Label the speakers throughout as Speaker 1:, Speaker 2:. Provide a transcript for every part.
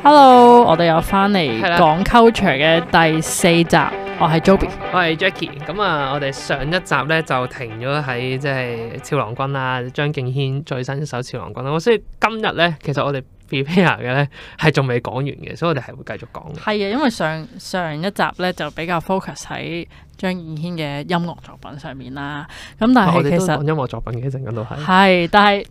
Speaker 1: Hello，我哋又翻嚟講 culture 嘅第四集，對了，我係 Joby
Speaker 2: 我係 Jackie，咁啊，我哋上一集咧就停咗喺即係《俏郎君》啊，張敬軒最新一首《俏郎君》啦，我所以今日咧，其實我哋 prepare 嘅咧係仲未講完嘅，所以我哋係會繼續講
Speaker 1: 嘅。係啊，因為上上一集咧就比較 focus 喺張敬軒嘅音樂作品上面啦，咁但係其實、啊、我哋
Speaker 2: 音樂作品嘅一陣間都係係，
Speaker 1: 但係。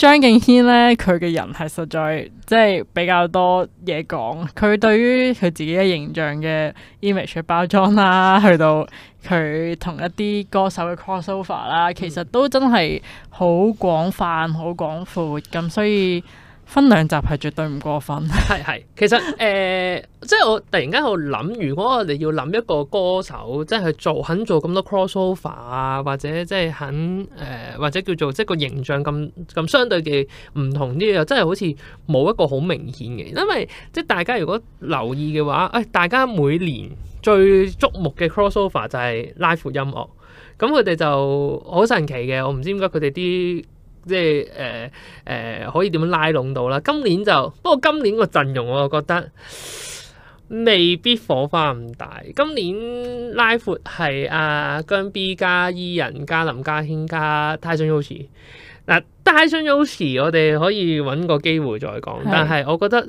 Speaker 1: 張敬軒咧，佢嘅人係實在即係比較多嘢講。佢對於佢自己嘅形象嘅 image 包裝啦，去到佢同一啲歌手嘅 crossover 啦，其實都真係好廣泛、好廣闊咁，所以。分兩集係絕對唔過分，係
Speaker 2: 係。其實誒、呃，即係我突然間喺度諗，如果我哋要諗一個歌手，即係做肯做咁多 crossover 啊，或者即係肯誒、呃，或者叫做即係個形象咁咁相對嘅唔同啲嘢，真係好似冇一個好明顯嘅。因為即係大家如果留意嘅話，誒、哎，大家每年最矚目嘅 crossover 就係拉闊音樂，咁佢哋就好神奇嘅。我唔知點解佢哋啲。即係誒誒，可以點樣拉攏到啦？今年就不過今年個陣容，我覺得未必火花唔大。今年拉闊係阿姜 B 加伊、e、人加、e、林家謙加 Tyson Yoshi。嗱，Tyson Yoshi 我哋可以揾個機會再講，是但係我覺得。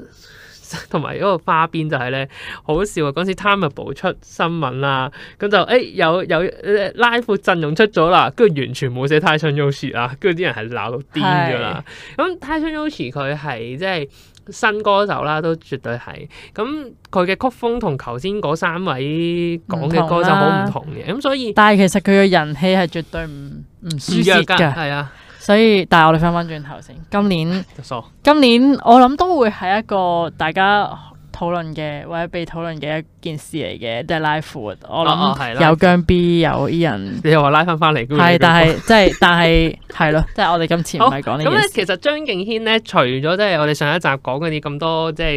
Speaker 2: 同埋嗰個花邊就係咧好笑啊！嗰陣時《Time Out》出新聞啦，咁就誒、欸、有有、呃、拉闊陣容出咗啦，跟住完全冇寫 Tyson Yoshi 啊，跟住啲人係鬧到癲咗啦。咁 t Tyson Yoshi 佢係即係新歌手啦，都絕對係。咁佢嘅曲風同頭先嗰三位講嘅歌手好唔同嘅。咁、啊、所以，
Speaker 1: 但係其實佢嘅人氣係絕對唔唔輸蝕㗎。係啊。所以，但係我哋翻翻轉頭先，今年，唉今年我諗都會係一個大家討論嘅或者被討論嘅一件事嚟嘅，即係拉闊。我諗有姜 B 有 Ian，你又話拉翻翻嚟，係但係即係但係係咯，即
Speaker 2: 係我哋今次唔係講呢啲。咁咧、嗯，其實張敬軒咧，除咗即係我哋上一集講嘅啲咁多，即係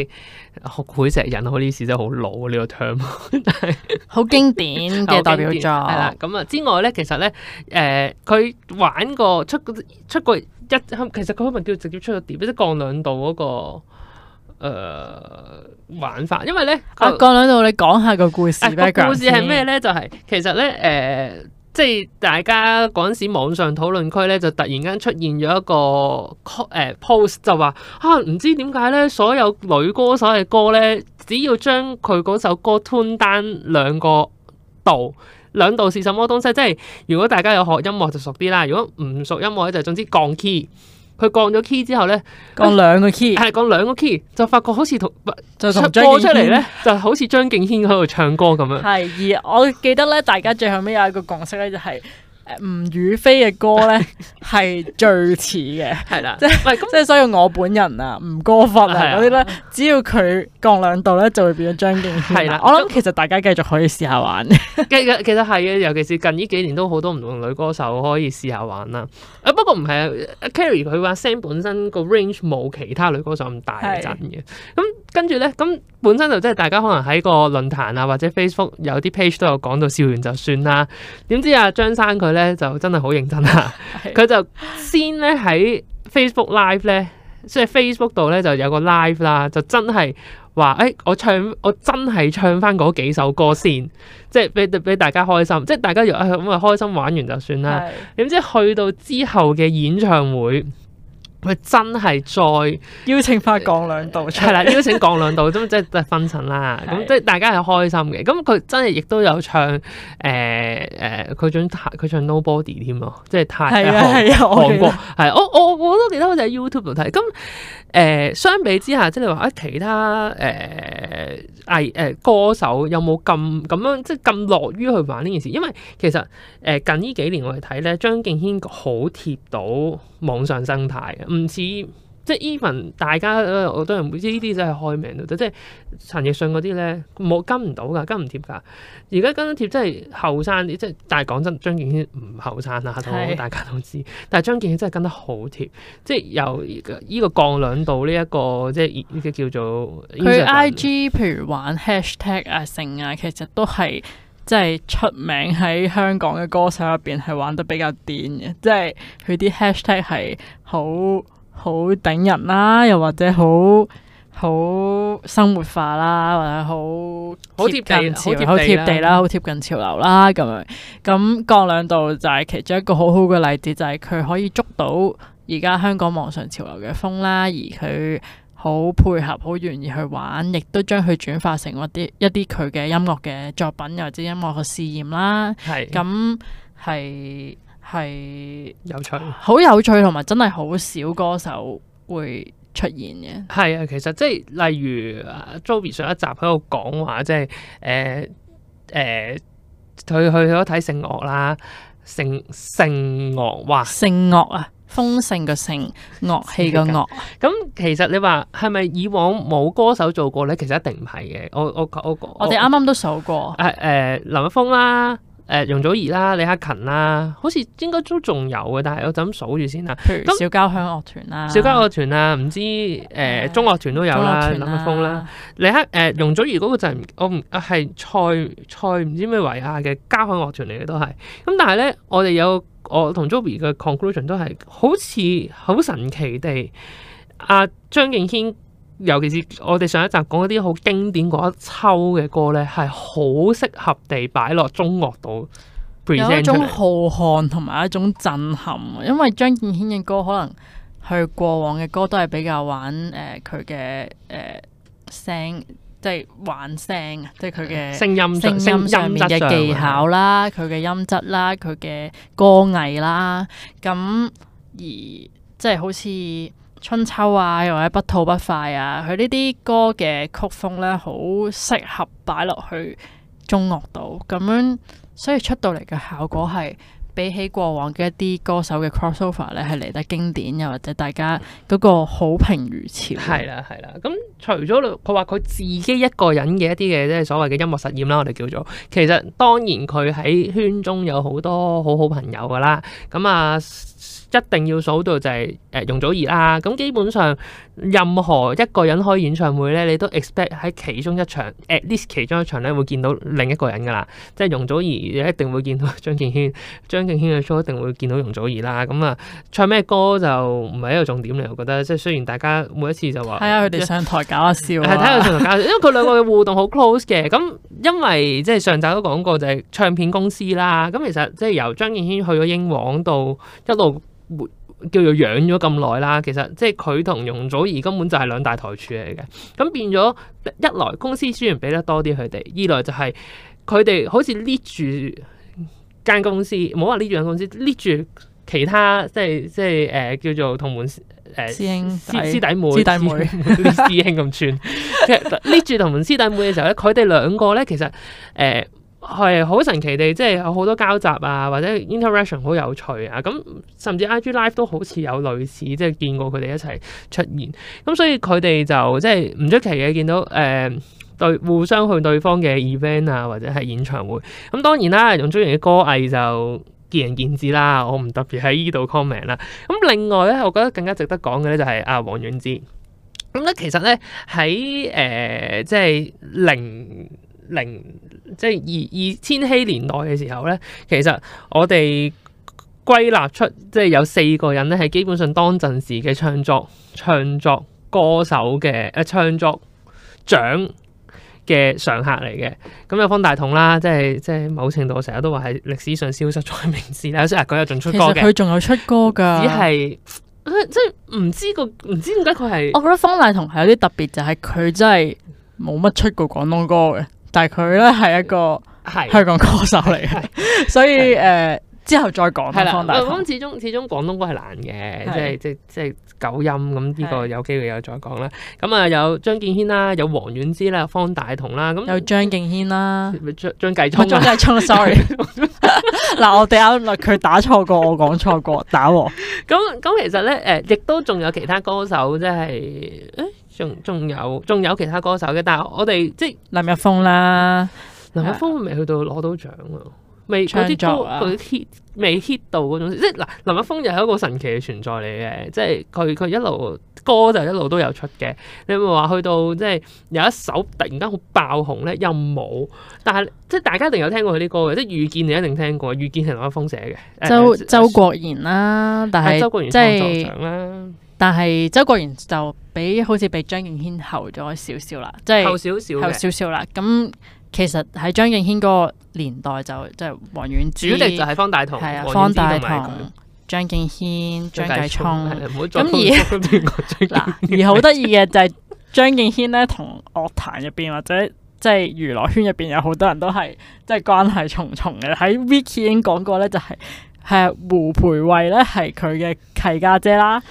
Speaker 2: 學會石引好呢事，真係好老呢個 term，但係好經典嘅代表作係啦。咁啊、嗯、之外咧，其實咧誒，佢玩過出過出過一，其實佢可能叫佢直接出咗碟，即、就、係、係、降兩度嗰、嗰個。嗰個誒、呃、玩法，因為咧，阿幹兩
Speaker 1: 度，他你講下個故事。啊、天故事係咩咧？
Speaker 2: 就係、是、其實咧，誒、呃，即係大家嗰陣時網上討論區咧，就突然間出現咗一個誒 post，就話啊，唔知點解咧，所有女歌手嘅歌咧，只要將佢嗰首歌 tune down 兩個度，兩度係什麼東西？即係如果大家有學音樂就熟啲啦，如果唔熟音樂咧，就總之降 key。佢降咗 key 之後咧、哎，降兩個 key，係，降兩個 key，就發覺好似同，就播出嚟咧， 就好似張敬軒喺度唱歌咁樣，
Speaker 1: 係，而我記得咧， 大家最後尾有一個共識咧，就係、是。吳、
Speaker 2: 呃、雨霏嘅歌咧係
Speaker 1: 最似嘅，係啦 的，即係即係，所以我本人啊，吳哥佛啊嗰啲咧，只要佢降兩度咧，就會變咗張敬軒。係啦的，我
Speaker 2: 諗其實大家繼續可以試下玩 其。其實其實係嘅，尤其是近呢幾年都好多唔同女歌手可以試下玩啦。啊、 呃，不過唔係啊，Carrie 佢話 Sam 本身個 range 冇其他女歌手咁大嘅陣嘅。咁的跟住咧，咁本身就即係大家可能喺個論壇啊或者 Facebook 有啲 page 都有講到，笑完就算啦。點知啊，張生佢咧 就，就，就真係好認真啊！佢就先咧喺 Facebook Live 咧，即係 Facebook 度咧就有個 live 啦，就真係話誒，我唱我真係唱翻嗰幾首歌先，即係俾俾大家開心，即係大家又咁啊開心玩完就算啦。點是知去到之後嘅演唱會？佢真係再邀請返降兩度，係啦，邀請降兩度，咁 即係分層啦。咁即係大家係開心嘅。咁佢真係亦都有唱誒誒，佢、呃、唱佢、呃、唱、唱 Nobody 添咯，即係泰的韓的韓國。係我記我我都記得，好似喺 YouTube 度睇。咁誒、呃，相比之下，即係你話其他誒藝誒歌手有冇咁咁樣即係咁樂於去玩呢件事？因為其實誒、呃、近呢幾年我哋睇咧，張敬軒好貼、貼到網上生、生態嘅。唔似即係 even 大家我都唔會知，呢啲真係開名都得，即係陳奕迅嗰啲咧冇跟唔到㗎，跟唔貼㗎。而家跟得貼真係後生啲，即係但係講真，張敬軒唔後生啦，大家都知。是但係張敬軒真係跟得好貼，即係由依個降兩度呢一個即係依個叫做佢
Speaker 1: IG，譬如玩 hashtag 啊、成啊，其實都係。即係出名喺香港嘅歌手入邊係玩得比較癲嘅，即係佢啲 hashtag 係好好頂人啦，又或者好好生活化啦，或者好好貼近潮好貼地啦，好潮貼，貼近潮流啦，咁、嗯、樣咁郭亮度就係其中一個好好嘅例子，就係佢可以捉到而家香港網上潮流嘅風啦，而佢。好配合，好願意去玩，亦都將佢轉化成一啲一啲佢嘅音樂嘅作品，又或者音樂嘅試驗啦。係咁係係有趣，好有趣，
Speaker 2: 同埋真係好少歌手會出現嘅。係啊，其實即係例如 Joey 上一集喺度講話，即係誒誒，佢去咗睇聖樂啦，聖聖樂話聖樂啊！豐盛嘅盛，樂器嘅樂，咁、嗯、其實你話係咪以往冇歌手做過咧？其實一定唔係嘅。我我我我哋啱
Speaker 1: 啱都數過，
Speaker 2: 誒誒、啊呃，林一峰啦，誒、呃，容祖兒啦，李克勤啦，好似應該都仲有嘅，但係我就咁數住先啦。譬如小那交響樂團啦，小交樂團啦，唔知誒、呃，中樂團都有啦、啊，啊、林一峰啦，李克誒，容祖兒嗰個就我唔係蔡蔡唔知咩維亞嘅交響樂團嚟嘅都係，咁但係咧我哋有。我同 Joby 嘅 conclusion 都係，好似好神奇地，阿、啊、張敬軒，尤其是我哋上一集講一啲好經典嗰一秋嘅歌咧，係好適合地擺落中樂度 present 出嚟，有一種浩瀚同埋一種震撼，因
Speaker 1: 為張敬軒嘅歌可能佢過往嘅歌都係比較玩誒佢嘅誒聲。呃即係玩聲啊！即係佢嘅聲音上、聲音上面嘅技巧啦，佢嘅音質啦，佢嘅歌藝啦。咁而即係好似春秋啊，又或者不吐不快啊，佢呢啲歌嘅曲，曲風咧，好適合擺落去中樂度，咁樣所以出到嚟嘅效果係。比起過往嘅一啲歌手嘅 crossover 咧，係嚟得經典又或者大家嗰個好評如潮，嗯。係啦，
Speaker 2: 係啦。咁除咗佢話佢自己一個人嘅一啲嘅即係所謂嘅音樂實驗啦，我哋叫做，其實當然佢喺圈中有好多好好朋友㗎啦。咁啊。一定要數到就係誒容祖兒啦，咁基本上任何一個人開演唱會咧，你都 expect 喺其中一場 at least 其中一場咧會見到另一個人噶啦，即係容祖兒一定會見到張敬軒，張敬軒嘅 show 一定會見到容祖兒啦。咁、嗯、啊，唱咩歌就唔係一個重點嚟，我覺得。即係雖然大家每一次就話係啊，佢哋上台搞一笑，係睇佢上台搞笑 因，因為佢兩個嘅互動好 close 嘅。咁因為即係上集都講過就係唱片公司啦，咁其實即係由張敬軒去咗英皇度一路。叫做養咗咁耐啦，其實即係佢同容祖兒根本就係兩大台柱嚟嘅，咁變咗一來公司雖然俾得多啲佢哋，二來就係佢哋好似 lead 住間公司，唔好話 lead 住間公司，lead 住其他即係即係誒叫做同門誒、呃、師師弟、弟妹師弟妹 師兄咁串，即係 lead 住同門師弟妹嘅時候咧，佢哋兩個咧其實誒。呃係好神奇地，即係有好多交集啊，或者 interaction 好有趣啊。咁、嗯、甚至 IG Live 都好似有類似，即係見過佢哋一齊出現。咁、嗯、所以佢哋就即係唔出奇嘅，見到誒、呃、對互相去對方嘅 event 啊，或者係演唱會。咁、嗯、當然啦，容祖兒嘅歌藝就見仁見智啦。我唔特別喺呢度 comment 啦。咁、嗯、另外咧，我覺得更加值得講嘅咧就係阿黃婉之。咁咧、嗯、其實咧喺誒即係零。零即係二二千禧年代嘅時候咧，其實我哋歸納出即係有四個人咧，係基本上當陣時嘅唱作唱作歌手嘅一、呃、唱作獎嘅常客嚟嘅。咁有方大同啦，即係即係某程度，成日都話係歷史上消失咗嘅名字啦。有時啊，佢有仲出歌嘅，佢仲
Speaker 1: 有出歌㗎，只係
Speaker 2: 即係唔知個唔知點解佢係我覺得
Speaker 1: 方大同係有啲特別，就係、是、佢真係冇乜出過廣東歌嘅。但係佢咧係一個
Speaker 2: 香港歌手嚟嘅，所以誒之後再講啦。方大同咁始終始終廣東歌係難嘅，即係即即係九音咁。呢個有機會又再講啦。咁啊有張敬軒啦，有王菀之啦，有方大同啦，咁有張敬軒啦。張張繼聰張繼聰，sorry
Speaker 1: 嗱我啱啱佢打錯過，我講錯過打。咁
Speaker 2: 咁其實咧誒，亦都仲有其他歌手即係。仲仲有仲有其他歌手嘅，但係我哋即林一峰啦，林一峰未去到攞到獎啊，未嗰啲 hit 未 hit 到嗰種，即嗱林一峰又係一個神奇嘅存在嚟嘅，即係佢佢一路歌就一路都有出嘅，你唔會話去到即係有一首突然間好爆紅咧又冇，但係即係大家一定有聽過佢啲歌嘅，即係遇見你一定聽過，遇見係林一峰寫嘅，就周，周，周
Speaker 1: 國賢啦，但係周國賢創作獎啦。是但係周國賢就比好似比張敬軒後咗少少啦，即係後少少，後少少啦。咁其實喺張敬軒嗰個年代就即係黃遠主力就係方大同，係啊，方大同、張敬軒、張繼聰。咁而嗱而好得意嘅就係張敬軒咧，同樂壇入邊或者即係娛樂圈入邊有好多人都係即係關係重重嘅。喺 Vicky 已經講過咧，就係係胡蓓蔚咧係佢嘅契家姐啦。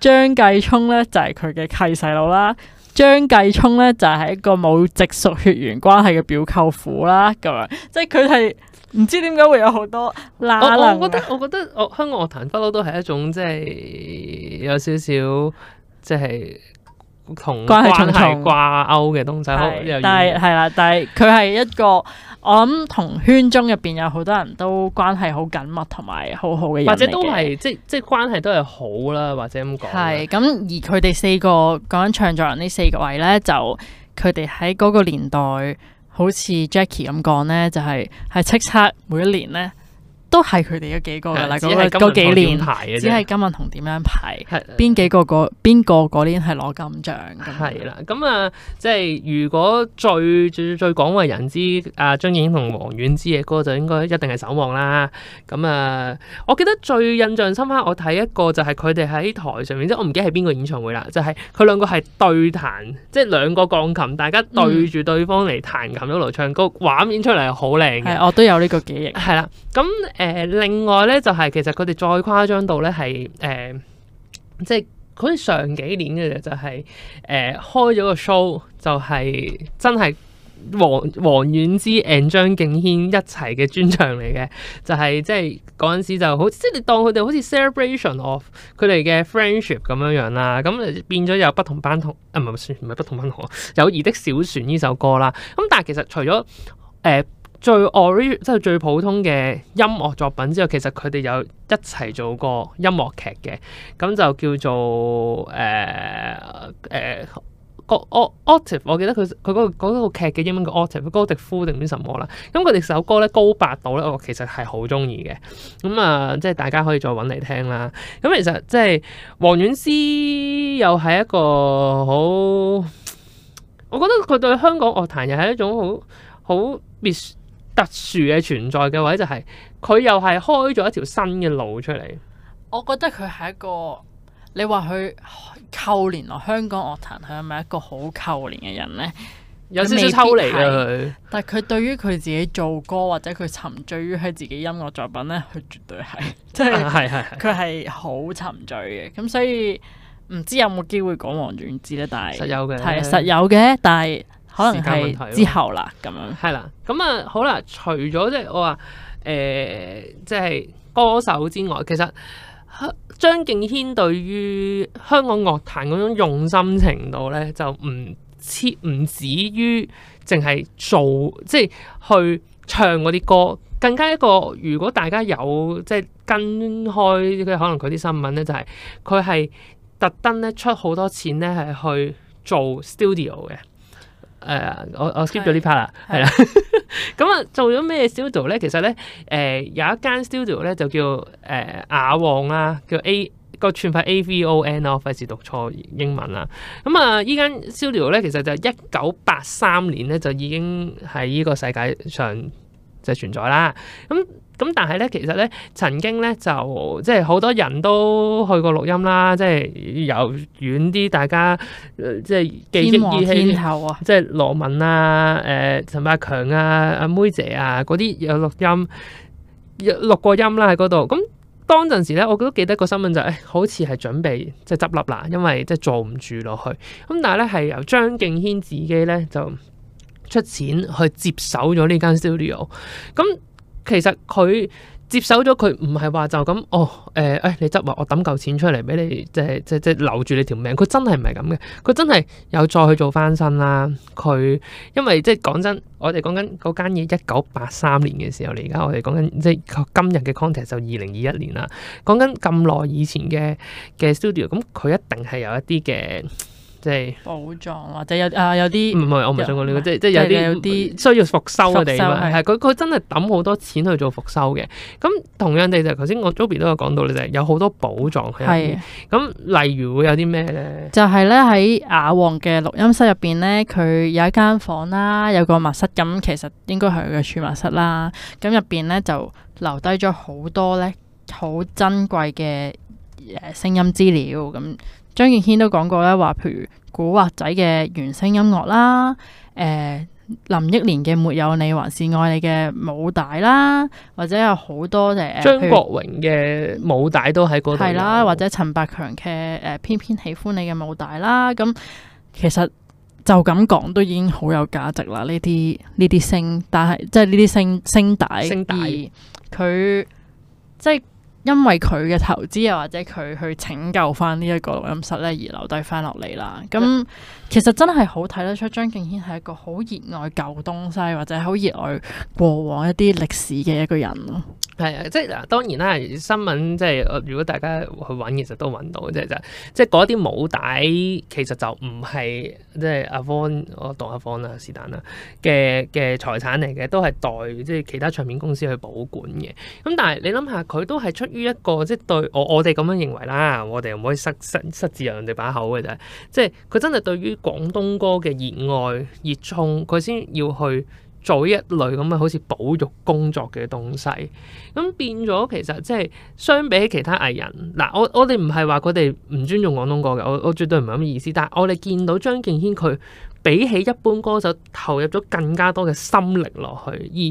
Speaker 1: 張繼聰咧就係佢嘅契細佬啦，張繼聰咧就係一個冇直屬血緣關係嘅表舅父啦，咁樣
Speaker 2: 即係佢係唔知點解會有好多，啊。嗱，我覺得，我覺得我香港樂壇不嬲都係一種即係有少少即係同關係掛勾嘅東西，但係係啦，
Speaker 1: 但係佢係一個。我諗同圈中入邊有好多人都關係好緊密，同埋好好嘅，或者都係即
Speaker 2: 係即係關係都係好啦，或者咁講。係
Speaker 1: 咁，而佢哋四個講緊唱作人呢四個位呢，就佢哋喺嗰個年代，好似 Jackie 咁講呢，就係係叱咤
Speaker 2: 每一年呢。
Speaker 1: 都係佢哋嗰幾個噶啦，咁啊嗰幾年，幾年只係金銀銅同點樣排？係邊幾個個邊個嗰年係攞金獎？
Speaker 2: 係啦，咁啊，即係如果最最最廣為人知啊張敬軒同王菀之嘅歌，就應該一定係守望啦。咁啊，我記得最印象深刻，我睇一個就係佢哋喺台上面，即係我唔記得係邊個演唱會啦，就係佢兩個係對彈，即係兩個鋼琴，大家對住對方嚟彈琴一路唱歌，嗯、畫面出嚟好靚。我都有呢個記憶。係啦，咁。誒、呃、另外咧，就係、是、其實佢哋再誇張到咧，係誒，即係好似上幾年嘅就係、是、誒、呃、開咗個 show，就係、是、真係王王菀之 and 張敬軒一齊嘅專場嚟嘅，就係、是、即係嗰陣時就好，即係當佢哋好似 celebration of 佢哋嘅 friendship 咁樣樣啦，咁變咗有不同班同啊唔係唔係不同班同友誼 的小船呢首歌啦，咁但係其實除咗誒。呃最 o r 即係最普通嘅音樂作品之後，其實佢哋有一齊做過音樂劇嘅，咁就叫做誒誒個 Octave》呃，呃、o, o, o, 我記得佢佢嗰個嗰個劇嘅英文叫《Octave》，高迪夫定唔知什麼啦？咁佢哋首歌咧高八度咧，我其實係好中意嘅。咁、嗯、啊、呃，即係大家可以再揾嚟聽啦。咁其實即係黃婉詩又係一個好，我覺得佢對香港樂壇又係一種好好特殊嘅存在嘅位就係，佢又係開咗一條新嘅路出嚟。
Speaker 1: 我覺得佢係一個，
Speaker 2: 你話佢扣連落香港樂壇，佢係咪一個好扣連嘅人呢？
Speaker 1: 有少少抽離啦佢，但係佢對於佢自己做歌或者佢沉醉於佢自己音樂作品呢，佢絕對係，即係係係，佢係好沉醉嘅。咁所以唔知有冇機會講黃展志咧？但係實有嘅，係實有嘅，但係。
Speaker 2: 可能係之後啦，咁樣係啦。咁啊、嗯，好啦，除咗即係我話誒、呃，即係歌手之外，其實張敬軒對於香港樂壇嗰種用心程度咧，就唔唔止於淨係做，即係去唱嗰啲歌，更加一個如果大家有即係跟開即，可能佢啲新聞咧，就係佢係特登咧出好多錢咧，係去做 studio 嘅。誒，我我 skip 咗呢 part 啦是，係啦。咁啊，做咗咩 studio 咧？其實咧，誒、呃、有一間 studio 咧，就叫誒雅、呃、旺啦、啊，叫 A 個串法 A V O N 咯、啊，費事讀錯英文啦。咁啊，依、嗯呃、間 studio 咧，其實就一九八三年咧，就已經喺呢個世界上就存在啦。咁、嗯。咁但係咧，其實咧，曾經咧就即係好多人都去過錄音啦，即係由遠啲大家即係記憶起，即係羅文啊、誒、啊呃、陳百強啊、阿妹姐啊嗰啲有錄音，有錄過音啦喺嗰度。咁當陣時咧，我都記得個新聞就誒、是哎，好似係準備即係執笠啦，因為即係做唔住落去。咁但係咧，係由張敬軒自己咧就出錢去接手咗呢間 studio、嗯。咁其實佢接手咗，佢唔係話就咁哦，誒、呃、誒、哎，你執話我抌嚿錢出嚟俾你，即係即即留住你條命。佢真係唔係咁嘅，佢真係有再去做翻新啦。佢因為即係講真，我哋講緊嗰間嘢一九八三年嘅時候嚟，而家我哋講緊即係今日嘅 context 就二零二一年啦。講緊咁耐以前嘅嘅 studio，咁、嗯、佢一定係有一啲嘅。即係寶藏或者、就是、有啊，有啲，唔係我唔想講呢、這個，即係即係有啲需要復修嘅地方，係佢佢真係抌好多錢去做復修嘅。咁同樣地就，頭先我 Joby 都有講到你就係有好多寶藏喺入邊。咁是的 例如會有啲咩咧？就
Speaker 1: 係咧喺雅王嘅錄音室入邊咧，佢有一間房啦，有個密室咁，其實應該係佢嘅儲物室啦。咁入邊咧就留低咗好多咧好珍貴嘅誒聲音資料咁。張敬軒都講過啦，話譬如古惑仔嘅原聲音樂啦，誒、呃，林憶蓮嘅沒有你還是愛你嘅舞帶啦，或者有好多嘅張、呃、國
Speaker 2: 榮嘅舞帶都喺嗰度啦，
Speaker 1: 或者陳百強嘅誒偏偏喜歡你嘅舞帶啦，咁、嗯、其實就咁講都已經好有價值啦，呢啲呢啲聲，但係即係呢啲聲聲帶聲帶佢即係。因為佢嘅投資又或者佢去拯救返呢一個錄音室咧，而留低返落嚟啦。咁其實真係好睇得出張敬軒係一個好熱愛舊東西，或者好熱愛過往一啲歷史嘅一個人咯。
Speaker 2: 係啊，即係嗱，當然啦，新聞即係如果大家去揾，其實都揾到，即係就即係嗰啲母帶，其實就唔係即係阿王阿唐阿方啦，是但啦嘅嘅財產嚟嘅，都係代即係其他唱片公司去保管嘅。咁但係你諗下，佢都係出於一個即係對我我哋咁樣認為啦，我哋唔可以失失失字由人哋把口嘅啫。即係佢真係對於廣東歌嘅熱愛熱衷，佢先要去。做一類咁嘅好似保育工作嘅東西，咁變咗其實即係相比起其他藝人嗱，我我哋唔係話佢哋唔尊重廣東歌嘅，我我絕對唔係咁嘅意思。但係我哋見到張敬軒佢比起一般歌手投入咗更加多嘅心力落去，而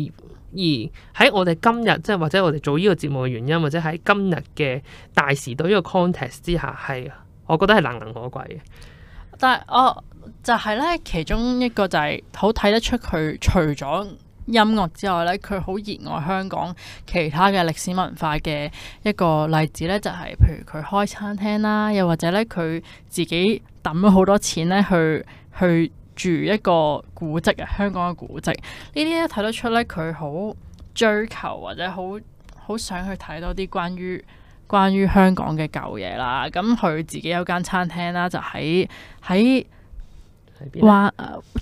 Speaker 2: 而喺我哋今日即係或者我哋做呢個節目嘅原因，或者喺今日嘅大時代呢個 context 之下，係我覺得係難能可貴
Speaker 1: 嘅。但係我。就係咧，其中一個就係、是、好睇得出佢除咗音樂之外咧，佢好熱愛香港其他嘅歷史文化嘅一個例子咧，就係、是、譬如佢開餐廳啦，又或者咧佢自己抌咗好多錢咧去去住一個古蹟啊，香港嘅古蹟呢啲咧，睇得出咧佢好追求或者好好想去睇多啲關於關於香港嘅舊嘢啦。咁、嗯、佢自己有間餐廳啦，就喺喺。灣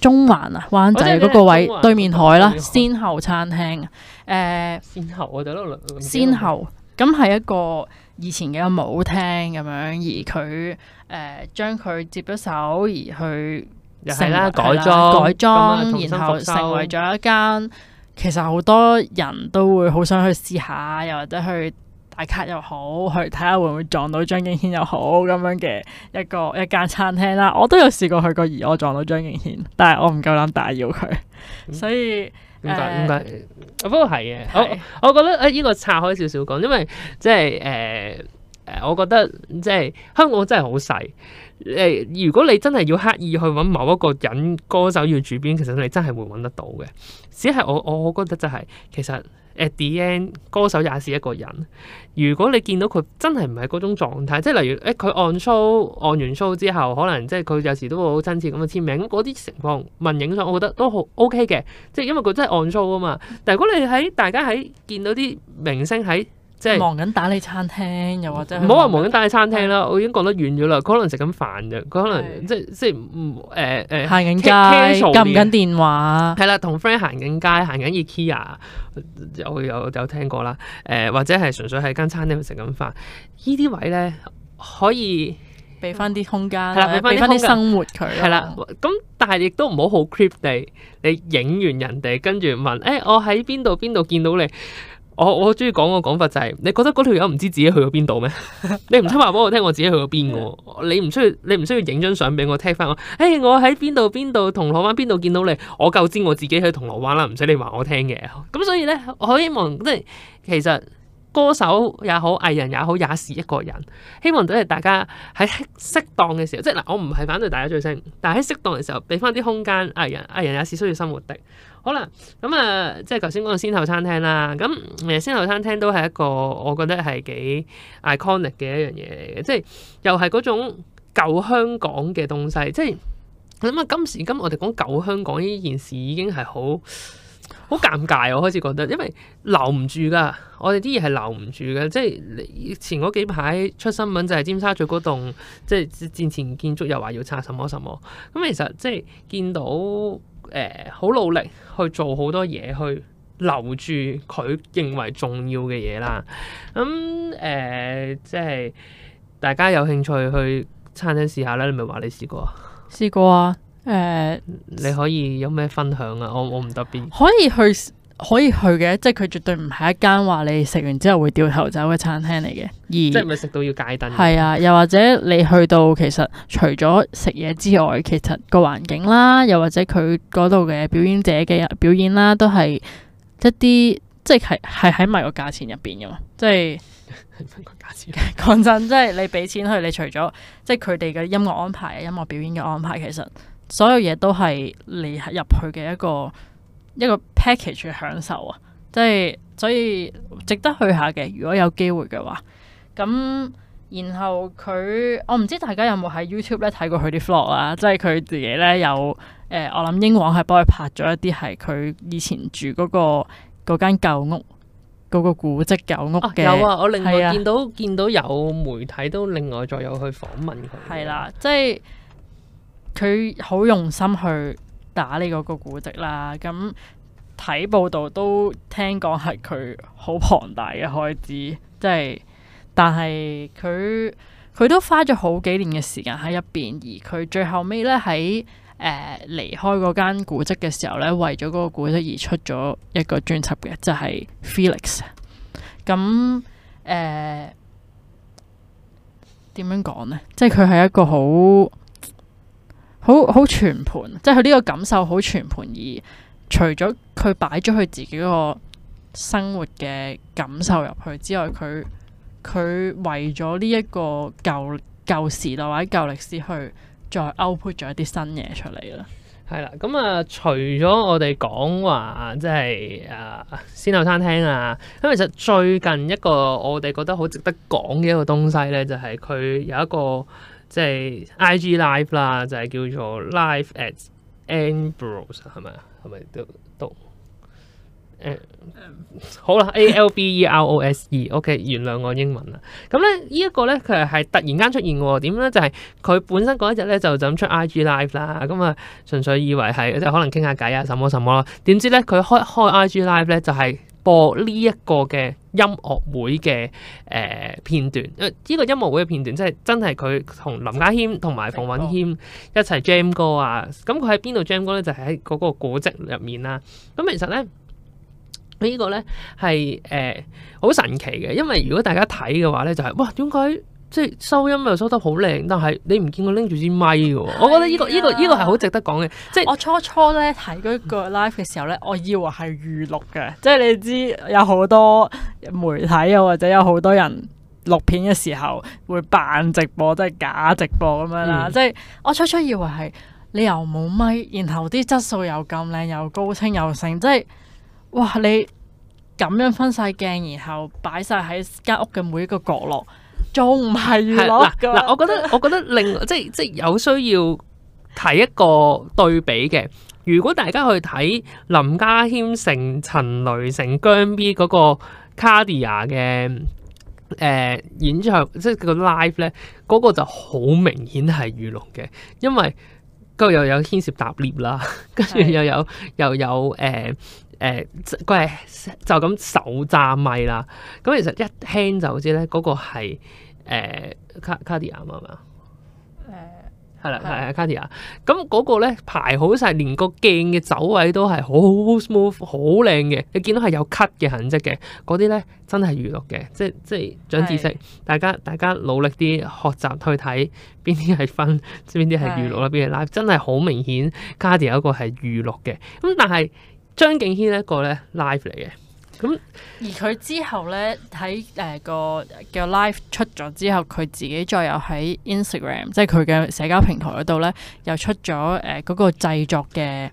Speaker 1: 中環啊，灣仔嗰個位對面海啦，海先後餐廳誒，呃、先後
Speaker 2: 我就諗，先後
Speaker 1: 咁係一個以前嘅舞廳咁樣，而佢誒、呃、將佢接咗手而去成係啦，改裝成改裝，然後成為咗一間，其實好多人都會好想去試下，又或者去。大卡又好，去睇下會唔會撞到張敬軒又好咁樣嘅一個一間餐廳啦。我都有試過去過，而我撞到張敬軒，但係我唔夠膽打擾佢，
Speaker 2: 所以唔該唔該。不過係嘅，我我覺得誒呢個岔開少少講，因為即係誒誒，我覺得、這個、即係、呃、香港真係好細。誒、呃，如果你真係要刻意去搵某一個人歌手要主編，其實你真係會搵得到嘅。只係我我我覺得就係其實。at the end, 歌手也是一個人。如果你見到佢真係唔係嗰種狀態，即係例如誒佢按 show，按完 show 之後，可能即係佢有時都會好親切咁啊簽名。嗰啲情況，問影相，我覺得都好 OK 嘅。即係因為佢真係按 show 啊嘛。但係如果你喺大家喺見到啲明星喺。即係忙
Speaker 1: 緊打理餐廳，又或者唔好
Speaker 2: 話忙緊打理餐廳啦，廳嗯、我已經覺得遠咗啦。佢可能食緊飯嘅，佢的可能即係即係誒誒行緊街，撳緊電話。係啦，同 friend 行緊街，行緊 IKEA，有有有聽過啦。誒、呃、或者係純粹喺間餐廳度食緊飯，依啲位咧可以
Speaker 1: 俾翻啲空間，俾翻啲生活佢。係啦，
Speaker 2: 咁但係亦都唔好好 creep 地，你影完人哋跟住問，誒、哎哎、我喺邊度邊度見到你？我我中意講個講法就係、是，你覺得嗰條友唔知自己去咗邊度咩？ 你唔出話幫我聽，我自己去咗邊嘅？ 你唔需要，你唔需要影張相俾我聽翻我。誒、hey,，我喺邊度邊度銅鑼灣邊度見到你？我夠知我自己喺銅鑼灣啦，唔使你話我聽嘅。咁所以咧，我好希望即係其實歌手也好，藝人也好，也是一個人。希望都係大家喺適當嘅時候，即係嗱，我唔係反對大家追星，但喺適當嘅時候俾翻啲空間藝人，藝人也是需要生活的。好啦，咁、嗯、啊，即係頭先講嘅先後餐廳啦。咁其實先後餐廳都係一個我覺得係幾 iconic 嘅一樣嘢嚟嘅，即係又係嗰種舊香港嘅東西。即係咁下今時今，我哋講舊香港呢件事已經係好好尷尬。我開始覺得，因為留唔住噶，我哋啲嘢係留唔住嘅。即係前嗰幾排出新聞就係尖沙咀嗰棟即係戰前建築，又話要拆什麼什麼。咁其實即係見到。誒、好、呃、努力去做好多嘢，去留住佢認為重要嘅嘢啦。咁、嗯、誒、呃，即係大家有興趣去餐廳試下咧，你咪話你試過，過
Speaker 1: 啊？試過啊，誒，你可
Speaker 2: 以有咩分享啊？我我唔得邊，
Speaker 1: 可以去。可以去嘅，即係佢絕對唔係一間話你食完之後會掉頭走嘅餐廳嚟嘅，而即係
Speaker 2: 咪食到要戒燈？係啊，
Speaker 1: 又或者你去到其實除咗食嘢之外，其實個環境啦，又或者佢嗰度嘅表演者嘅表演啦，都係一啲即係係係喺埋個價錢入邊㗎嘛，即係分個價錢。講真，即係 你俾錢去，你除咗即係佢哋嘅音樂安排、音樂表演嘅安排，其實所有嘢都係你入去嘅一個。一個 package 享受啊，即係所以值得去下嘅。如果有機會嘅話，咁然後佢我唔知大家有冇喺 YouTube 咧睇過佢啲 vlog 啊？即係佢自己咧有誒、呃，我諗英皇係幫佢拍咗一啲係佢以前住嗰、嗰個嗰間舊屋嗰、嗰個古蹟舊屋嘅、啊。有啊，我另外見
Speaker 2: 到、啊、見到有媒體都另外再有去訪問佢。係啦、啊，即係
Speaker 1: 佢好用心去。打理嗰個古蹟啦，咁睇報道都聽講係佢好龐大嘅開支，即係，但係佢佢都花咗好幾年嘅時間喺入邊，而佢最後尾咧喺誒離開嗰間古蹟嘅時候咧，為咗嗰個古蹟而出咗一個專輯嘅，就係、是、Felix。咁誒點樣講咧？即係佢係一個好。好好全盤，即係佢呢個感受好全盤，而除咗佢擺咗佢自己個生活嘅感受入去之外，佢佢為咗呢一個舊舊時代或者舊歷史去再勾配咗一啲新嘢出嚟
Speaker 2: 啦。係啦，咁、嗯、啊，除咗我哋講話即係誒，先後餐廳啊，咁其實最近一個我哋覺得好值得講嘅一個東西咧，就係佢有一個。即係 I G Live 啦，就係叫做 Life、嗯、 e at Ambrose 係咪啊？係咪都都好啦，A L B E R O S E，OK、okay, 原諒我英文啦。咁、嗯、咧、這個、呢一個咧，佢係突然間出現喎。點咧就係、是、佢本身嗰一日咧就咁出 I G Live 啦、嗯。咁啊純粹以為係就可能傾下偈啊，什麼什麼咯。點知咧佢開開 I G Live 咧就係、是。播呢一個嘅音樂會嘅誒片段，誒呢個音樂會嘅片，呃這個、片段，即係真係佢同林家謙同埋馮允謙一齊 jam 歌啊！咁佢喺邊度 jam 歌咧？就係喺嗰個古蹟入面啦。咁、嗯、其實咧，這個、呢個咧係誒好神奇嘅，因為如果大家睇嘅話咧，就係、是、哇點解？即係收音又收得好靚，但係你唔見佢拎住支咪嘅。哎、呀我覺得呢個、呢個、呢個係好值得講嘅。即係我初初
Speaker 1: 咧睇嗰個 live 嘅時候咧，我以為係預錄嘅。
Speaker 2: 即係你知有好多
Speaker 1: 媒體又或者有好多人錄片嘅時候會扮直播，即係假直播咁樣啦。嗯、即係我初初以為係你又冇咪，然後啲質素又咁靚，又高清又正。即係哇！你咁樣分晒鏡，然後擺晒喺間屋嘅每一個角落。仲唔係娛樂嗱， 我覺得
Speaker 2: 我覺得另即即有需要睇一個對比嘅。如果大家去睇林家謙成、成陳雷成、成姜 B 嗰個卡地亞嘅誒演唱，即個 live 咧，嗰個就好明顯係娛樂嘅，因為個又有牽涉搭獵啦，跟住又有又有誒誒，佢係就咁手揸咪啦。咁其實一聽就知咧，嗰、嗰個係。誒卡卡地亞嘛，係啦，係啊，卡地亞，咁嗰個咧排好晒，連個鏡嘅走位都係好好 smooth，好靚嘅。你見到係有 cut 嘅痕跡嘅，嗰啲咧真係娛樂嘅，即即係長知識。大家大家努力啲學習去睇邊啲係分，即邊啲係娛樂啦，邊啲係 live，真係好明顯。卡地亞一個係娛樂嘅，咁但係張敬軒咧個咧 live 嚟嘅。咁
Speaker 1: 而佢之後咧喺誒個嘅 live 出咗之後，佢自己再又喺 Instagram，即係佢嘅社交平台嗰度咧，又出咗誒嗰個製作嘅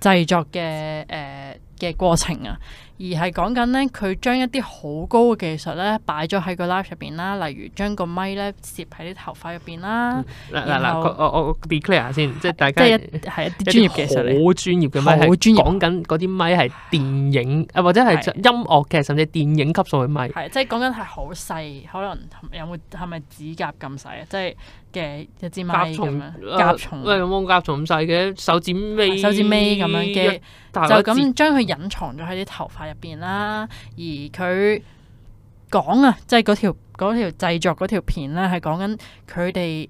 Speaker 1: 製作嘅誒嘅過程啊。而係講緊咧，佢將一啲好高嘅技術咧擺咗喺個 live 入邊啦，例如將個咪咧攝喺啲頭髮入邊
Speaker 2: 啦。嗱嗱嗱，我我我 declare 下先，即係大家即係、啊就是、一係一啲專業技術嚟，好專業嘅咪係講緊嗰啲咪係電影或者係音樂嘅，甚至電影級數嘅咪。即
Speaker 1: 係講緊係好細，可能有冇係咪指甲咁細啊？即係嘅一支咪，咁樣。甲蟲，喂，
Speaker 2: 有冇甲蟲咁細嘅手指尾？手指尾咁樣嘅，就咁
Speaker 1: 將佢隱藏咗喺啲頭髮入邊啦，而佢講、就是、啊，即係嗰條嗰條製作嗰條片咧，係講緊佢哋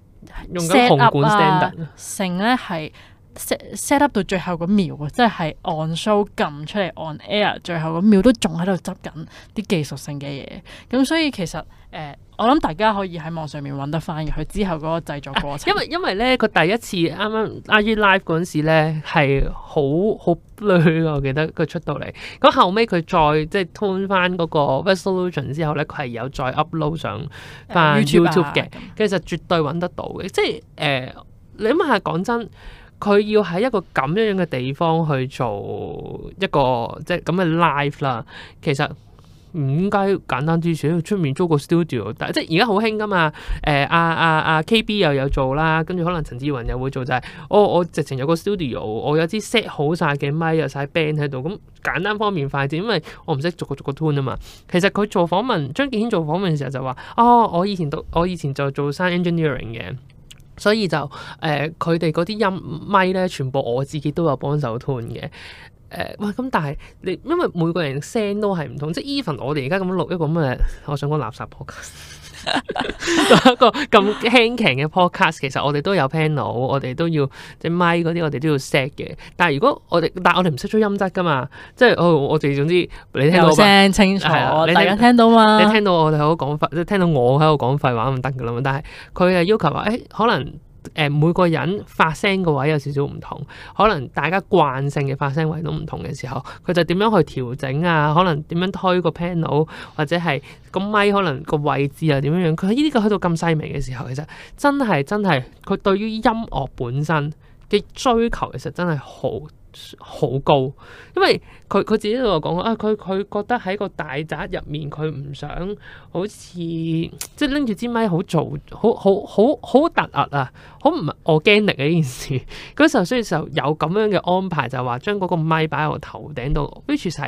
Speaker 1: 用
Speaker 2: 緊紅館 standard
Speaker 1: 成咧係。set set up 到最後個秒啊，即係 on show 撳出嚟，on air 最後個秒都仲喺度執緊啲技術性嘅嘢，咁所以其實誒、呃，我諗大家可以喺網上面揾得翻嘅，佢之後嗰個製作過程。啊、因為
Speaker 2: 因為咧，佢第一次啱啱 I U live 嗰陣時咧，係好好 blur，我記得佢出到嚟。咁後尾佢再即係 turn 翻嗰個 resolution 之後咧，佢係有再 upload 上翻、啊、YouTube 嘅、啊。其實絕對揾得到嘅，即係誒、呃，你諗下講真。佢要喺一個咁樣樣嘅地方去做一個即係咁嘅 live 啦，其實唔應該簡單啲少，出面租個 studio，但即係而家好興㗎嘛。誒、呃、啊啊啊！KB 又有做啦，跟住可能陳志雲又會做就係、是、我、哦、我直情有個 studio，我有支 set 好晒嘅咪，有晒 band 喺度，咁簡單方便快捷，因為我唔識逐個逐個 tune 啊嘛。其實佢做訪問，張敬軒做訪問嘅時候就話：哦，我以前讀，我以前就做 sound engineering 嘅。所以就誒，佢哋嗰啲音咪咧，全部我自己都有幫手 tune 嘅。誒、呃，喂、呃，咁但係你因為每個人聲都係唔同，即係 even 我哋而家咁錄一個咩，我想講垃圾 program 一個咁輕騎嘅 podcast，其實我哋都有 panel，我哋都要即咪嗰啲，我哋都要 set 嘅。但係如果我哋，但我哋唔識出音質噶嘛，即係、哦、我我最總之你聽到聲清楚，你大家聽到嘛？你聽到我哋喺度講廢，即係聽到我喺度講廢話咁得噶啦嘛。但係佢係要求話，誒、哎、可能。誒每個人發聲嘅位有少少唔同，可能大家慣性嘅發聲位都唔同嘅時候，佢就點樣去調整啊？可能點樣推個 panel 或者係個咪可能個位置又點樣樣？佢喺呢個去到咁細微嘅時候，其實真係真係佢對於音樂本身嘅追求，其實真係好，好高，因為佢、佢自己都度講啊，佢、佢覺得喺個大宅入面，佢唔想好似即係拎住支咪，好做，好好好好突兀啊，好唔 organic 啊呢件事。嗰時候雖然就有咁樣嘅安排，就話將嗰個咪擺喺我頭頂度，which is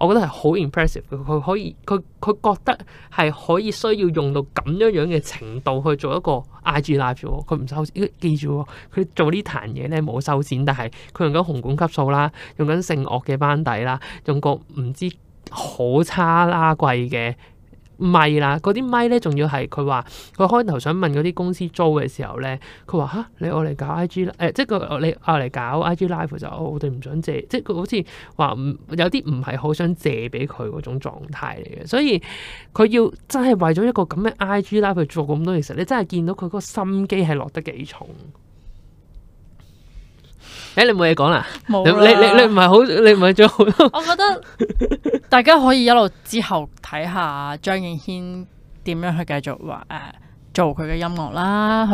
Speaker 2: 我覺得係好 impressive，佢可以佢、佢覺得係可以需要用到咁樣樣嘅程度去做一個 IG Live 喎，佢唔收，記住喎，佢做呢壇嘢咧冇收錢，但係佢用緊紅館級數啦，用緊聖岳嘅班底啦，用個唔知好差啦貴嘅咪啦，嗰啲咪咧仲要係佢話，佢開頭想問嗰啲公司租嘅時候咧，佢話，吓，你我嚟，搞 I G 誒、哎，即係個你我嚟搞 IG Live 就我哋唔想借，即係佢好似話唔有啲唔係好想借俾佢嗰種狀態嚟嘅，所以佢要真係為咗一個咁嘅 I G 啦去做咁多嘢，其實你真係見到佢嗰個心機係落得幾重。誒、欸，你冇嘢講啦？冇沒了 你你你唔係好，你唔係做好多。 我覺得大家可以一路
Speaker 1: 之後睇下張敬軒點樣去繼續話誒，做佢嘅音樂啦，去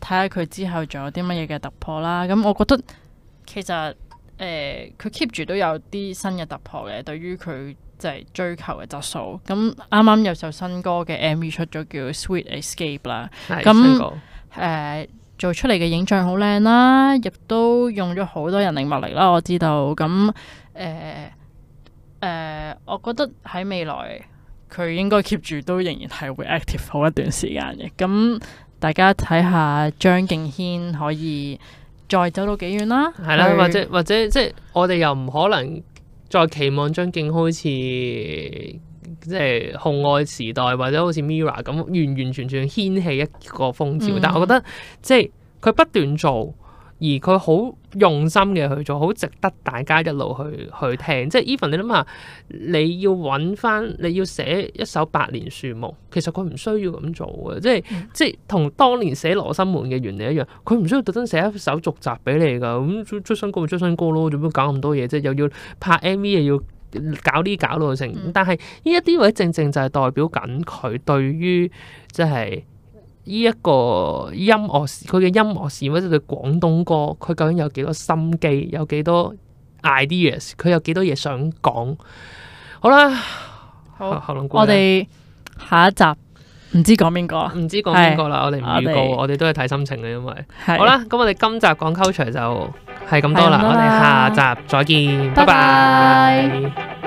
Speaker 1: 睇下佢之後仲有啲乜嘢嘅突破啦。咁我覺得其實誒，佢 keep 住都有啲新嘅突破嘅，對於佢即係追求嘅質素。咁啱啱有首新歌嘅 MV 出咗，叫《Sweet Escape》啦。係誒。做出嚟嘅影像好靚啦，亦都用咗好多人力物力啦，我知道。咁誒誒，我覺得喺未來佢應該 keep 住都仍然係會 active 好一段時間嘅。咁大家睇下張敬軒可以再走到幾遠啦。係啦、啊他，或者
Speaker 2: 或者即係我哋又唔可能再期望張敬軒好似。即係紅愛時代或者好似 Mira 咁，完完全全掀起一個風潮。嗯、但係我覺得，即係佢不斷做，而佢好用心嘅去做好，值得大家一路去去聽。就是、即係 Even 你諗下，你要揾翻，你要寫一首百年樹木，其實佢唔需要咁做嘅。就是嗯、即係即係同當年寫羅生門嘅原理一樣，佢唔需要特登寫一首續集俾你噶。咁出新歌咪出新歌咯，做咩搞咁多嘢啫？又要拍 MV 又要。搞呢搞到成，但係呢一啲位正正就係代表緊佢對於即係呢一個音樂，佢嘅音樂史或者對廣東歌，佢究竟有幾多心機，有幾多 ideas，佢有幾多嘢想講。好啦，好，我哋
Speaker 1: 下一集唔知講邊個，唔知講邊個啦，是我哋唔預告，我
Speaker 2: 哋們都係睇心情嘅，因為是好啦，咁我哋今集講 culture 就係咁多啦，的我哋下集再見，拜拜。Bye bye